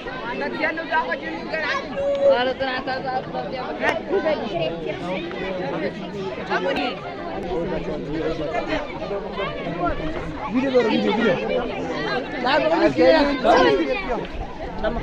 Video doğru video video. Lan bunu niye? Tamam.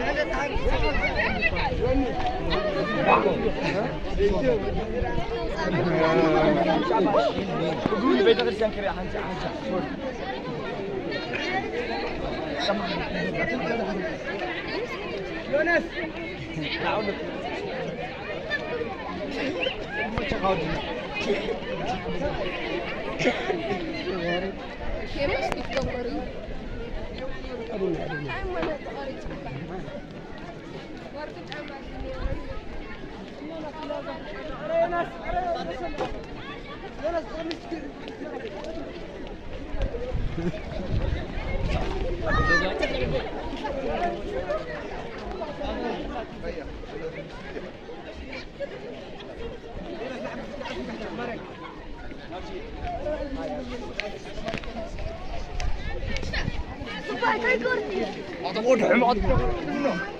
يونس تعالوا كيف تفكري؟ Adam orada hemen adam.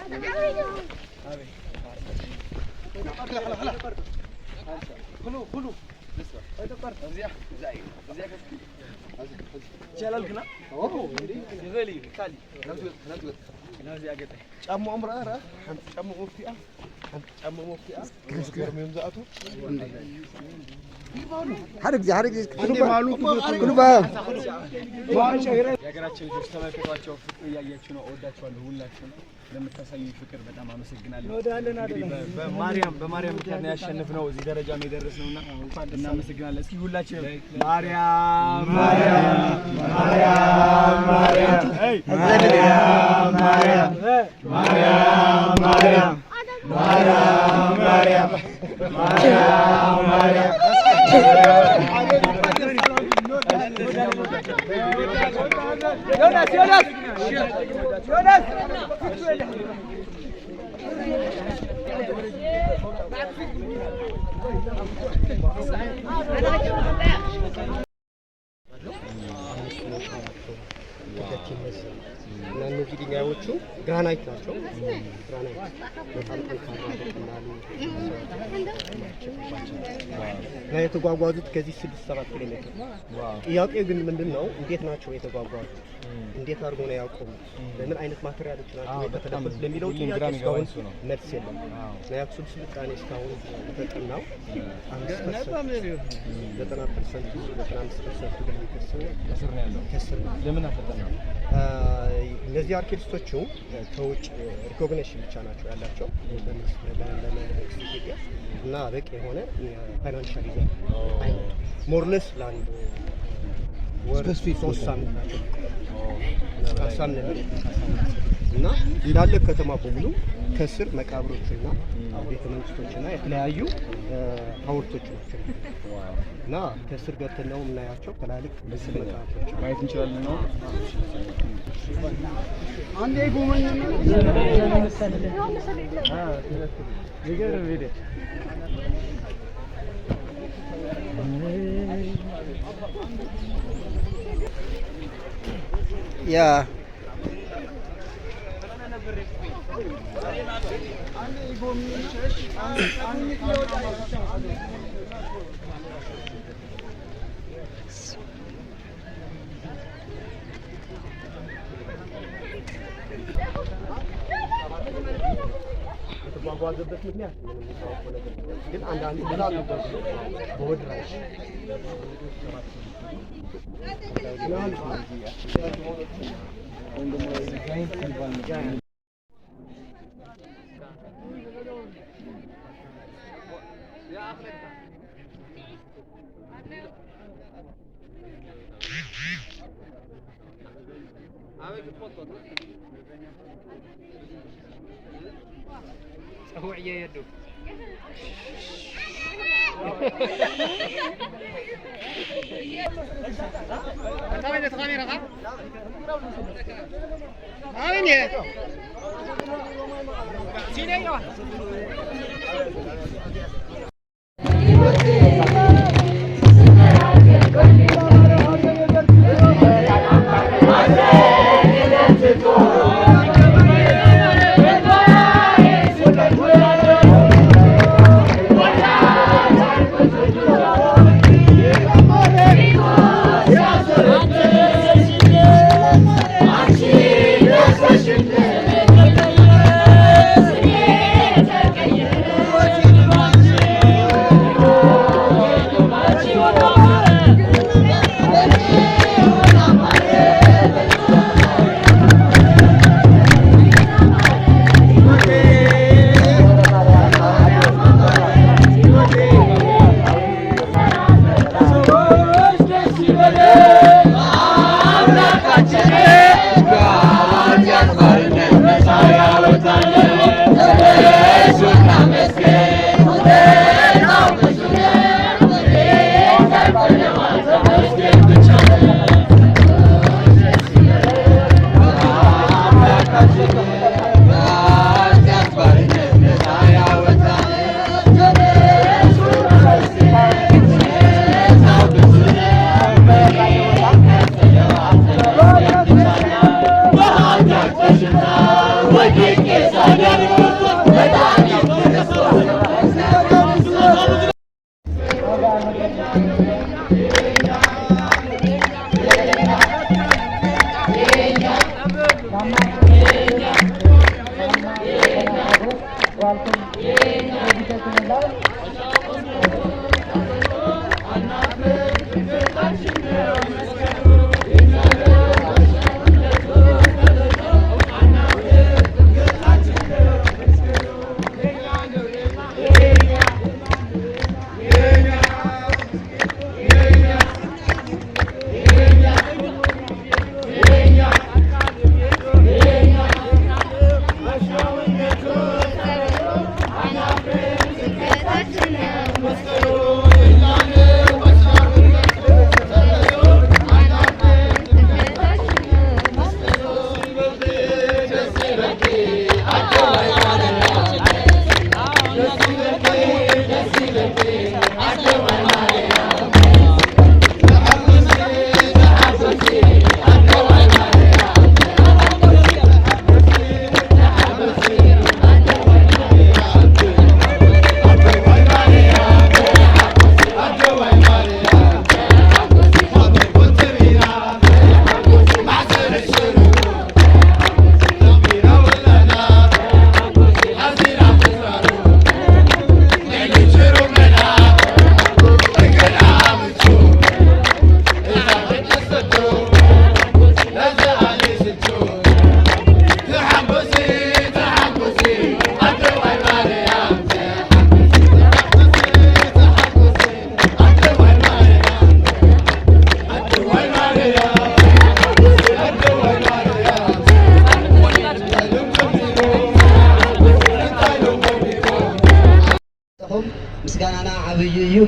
የሀገራችን ልጆች ተመልከቷቸው፣ ፍቅር እያያችሁ ነው። እወዳችኋለሁ ሁላችሁም። ለምታሳዩኝ ፍቅር በጣም አመሰግናለሁ። በማርያም በማርያም ብቻ ነው ያሸነፍነው እዚህ ደረጃ ነው የደረስነውና እንኳን እናመሰግናለን። እስኪ ሁላችንም ማርያም ማርያም ማርያም ማርያም నన్ను గిరింగ్ అవ్వచ్చు ግራናይት ናቸው። ግራናይት በጣም ጠንካራ በቀላሉ የተጓጓዙት ከዚህ ስድስት ሰባት ኪሎ ሜትር። ጥያቄ ግን ምንድን ነው? እንዴት ናቸው የተጓጓዙት? እንዴት አድርጎ ነው ያቆሙ በምን አይነት ማቴሪያሎች ናቸው ለሚለው ጥያቄ እስካሁን መልስ የለም። ስልጣኔ እስካሁን የተጠናው ዘጠና ፐርሰንቱ ዘጠና አምስት ፐርሰንቱ ከስር ነው ያለው። ለምን እነዚህ ከውጭ ሪኮግኒሽን ብቻ ናቸው ያላቸው በመንግስት ኢትዮጵያ እና በቂ የሆነ ፋይናንሻል ይዘ ሞርለስ ለአንድ ወር ሶስት ሳምንት ናቸው እና እንዳለ ከተማ በሙሉ ከስር መቃብሮችና ቤተ መንግስቶችና የተለያዩ ሀውልቶች ናቸው እና ከስር ገብተን ነው የምናያቸው ትላልቅ ምስል መቃብሮች ማየት እንችላለን ነው። ጎመኝ ያ የተጓጓዘበት ምክንያት ግን አንዳንድ ይላሉ በወድራሽ ወንድሞ هو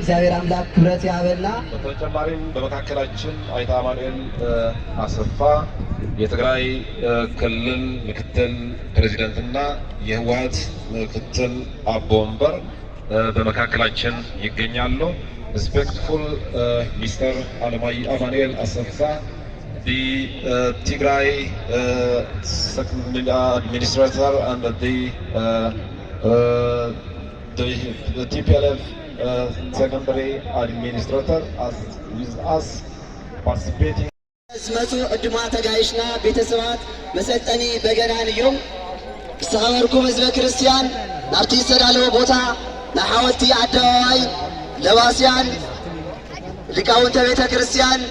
እግዚአብሔር አምላክ ክብረት ያበላ። በተጨማሪም በመካከላችን አይታ አማኑኤል አሰፋ የትግራይ ክልል ምክትል ፕሬዚደንትና የህወሀት ምክትል አቦ ወንበር በመካከላችን ይገኛሉ። ሪስፔክትፉል ሚስተር አለማይ አማኑኤል አሰፋ the uh, Tigray uh, administrator and the uh, uh, the, the TPLF secondary administrator as with us participating ስመቱ ተጋይሽና ቤተሰባት በገናን እዮም ዝተኸበርኩም ህዝበ ክርስቲያን ናብቲ ዝተዳለወ ቦታ ናይ ኣደባባይ ለባስያን ሊቃውንተ ቤተ ክርስቲያን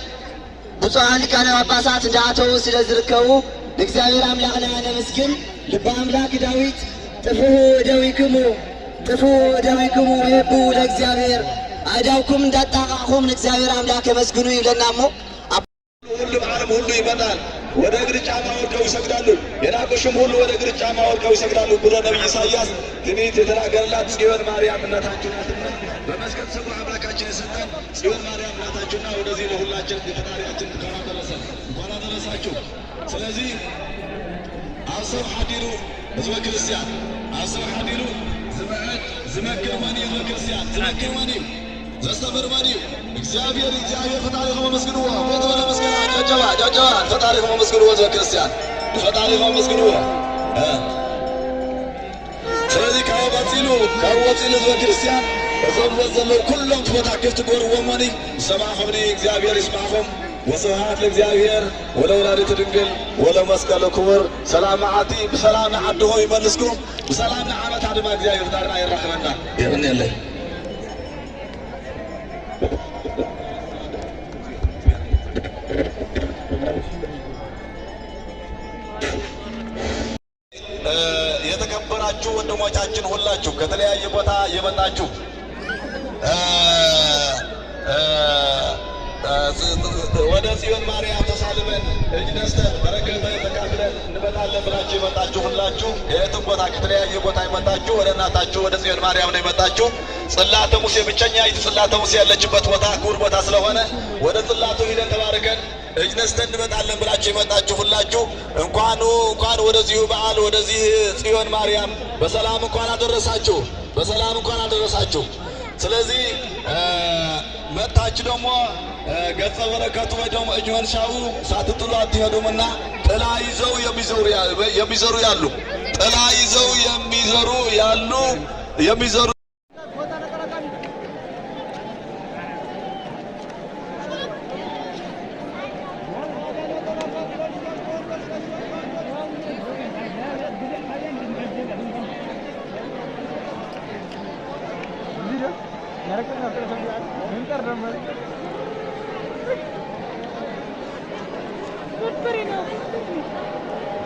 ብፁዓን ሊቃነ ጳጳሳት እንዳኣተዉ ስለ ዝርከቡ ንእግዚኣብሔር ኣምላኽና ነመስግን ኣምላክ ዳዊት ጥፍሑ ጥፉ ደዊክሙ ይቡ ለእግዚአብሔር አዳውኩም እንዳጣቃኩም እግዚአብሔር አምላክ የመስግኑ ይለና ሞ ሁሉም ዓለም ሁሉ ይመጣል ወደ እግር ጫማ ወድቀው ይሰግዳሉ፣ የራቁሽም ሁሉ ወደ እግር ጫማ ወድቀው ይሰግዳሉ ብሎ ነቢይ ኢሳያስ ትንቢት የተናገረላት ጽዮን ማርያም እናታችን ናትና በመስቀል ስጉር አምላካችን የሰጠን ጽዮን ማርያም እናታችንና ወደዚህ ለሁላችን የፈጣሪያችን ከራ ደረሰ ኋላ ደረሳችሁ። ስለዚህ አሰብ ሀዲሩ ህዝበ ክርስቲያን አሰብ ሀዲሩ ዝመክርመን ቤተክርስቲያን ዝመክርመን እዩ ዘስተምርመን እዩ እግዚኣብሔር እግዚኣብሔር ፈጣሪኹም ኣመስግንዎ ቤት በለ መስገና ጃጃባ ጃጃባ ንፈጣሪኹም ኣመስግንዎ ቤተክርስቲያን ንፈጣሪኹም ኣመስግንዎ ስለዚ ካብ ወፂሉ ካብ ወፂሉ ቤተክርስቲያን እዞም ዘለዉ ኩሎም ተመታክፍቲ ጎርዎሞኒ ሰማዕኹምኒ እግዚኣብሔር ይስማዕኹም وسبحانك لእግዚአብሔር ወለወላዲቱ ድንግል ወለመስቀሉ ክቡር ሰላም መዓልቲ ብሰላም ንዓድኹም ይመልስኩም ሰላም ዓመት አድማ እግዚአብሔር ዳርና ይራክበና ይእን የለን የተከበራችሁ ወንድሞቻችን ሁላችሁ ከተለያየ ቦታ የመጣችሁ ወደ ጽዮን ማርያም ተሳልመን እጅ ነስተን በረከት ተካፍለን እንመጣለን ብላችሁ የመጣችሁ ሁላችሁ የትም ቦታ ከተለያየ ቦታ የመጣችሁ ወደ እናታችሁ ወደ ጽዮን ማርያም ነው የመጣችሁ። ጽላተ ሙሴ ብቸኛ ይት ጽላተ ሙሴ ያለችበት ቦታ ክቡር ቦታ ስለሆነ ወደ ጽላቱ ሂደን ተባርከን እጅ ነስተን እንመጣለን ብላችሁ የመጣችሁ ሁላችሁ እንኳን እንኳን ወደዚሁ በዓል ወደዚህ ጽዮን ማርያም በሰላም እንኳን አደረሳችሁ፣ በሰላም እንኳን አደረሳችሁ። ስለዚህ መታችሁ ደግሞ ገጸ በረከቱ ወይ ደግሞ እጅሆን ሻው ሳትጥሉ አትሄዱምና ጥላ ይዘው የሚዘሩ ያሉ ጥላ ይዘው የሚዘሩ ያሉ የሚዘሩ Good for enough.